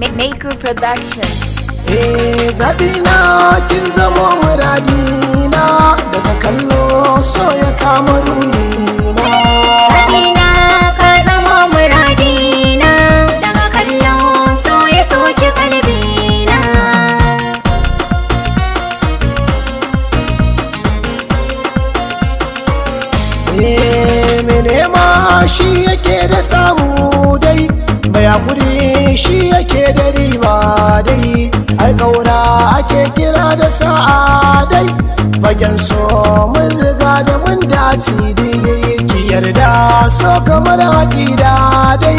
Maker Productions. Eh zaɓi kin zama muradi na daga kallo so ya kama ruhi na. ka zama muradi na daga kallo so ya soke kalbi na. Eh mene ma shi yake da samu dai. Ya kuri shi yake da riba dai ai kauna ake kira da sa'a dai bagen so mun riga da mun dace daidai ki yarda so kamar haƙida dai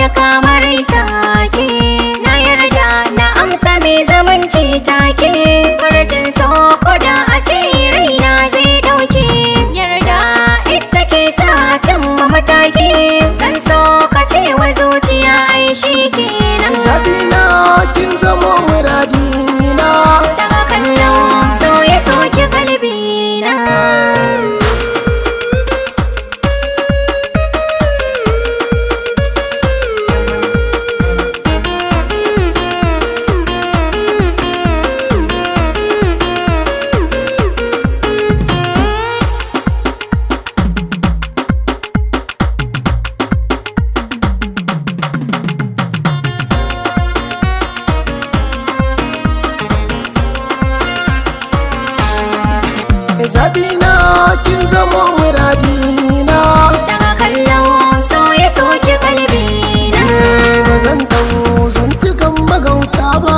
ya kama zaɓina kin zama muradina daga kallon sauye sauke kalbina eh, ba zan ɗau zan cikin magauta ba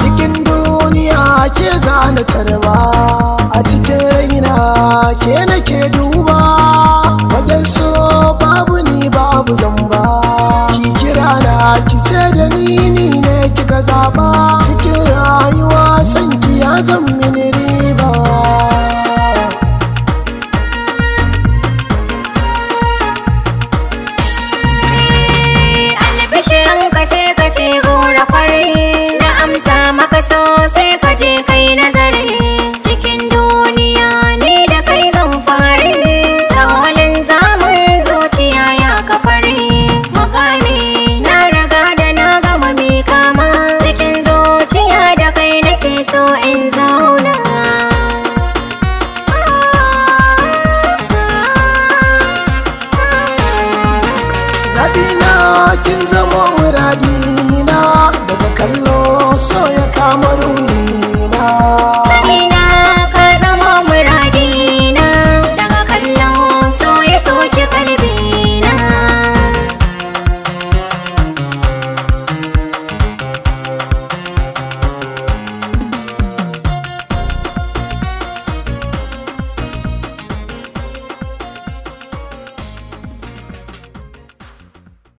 cikin duniya ke zana tarba a cikin raina ke nake duba wajen so babu ni babu zamba ki kira na ki ce da ni ne kika zaba cikin rayuwa sanki ya zan mini kin zamo muradina daga kallo so ya kama ruhina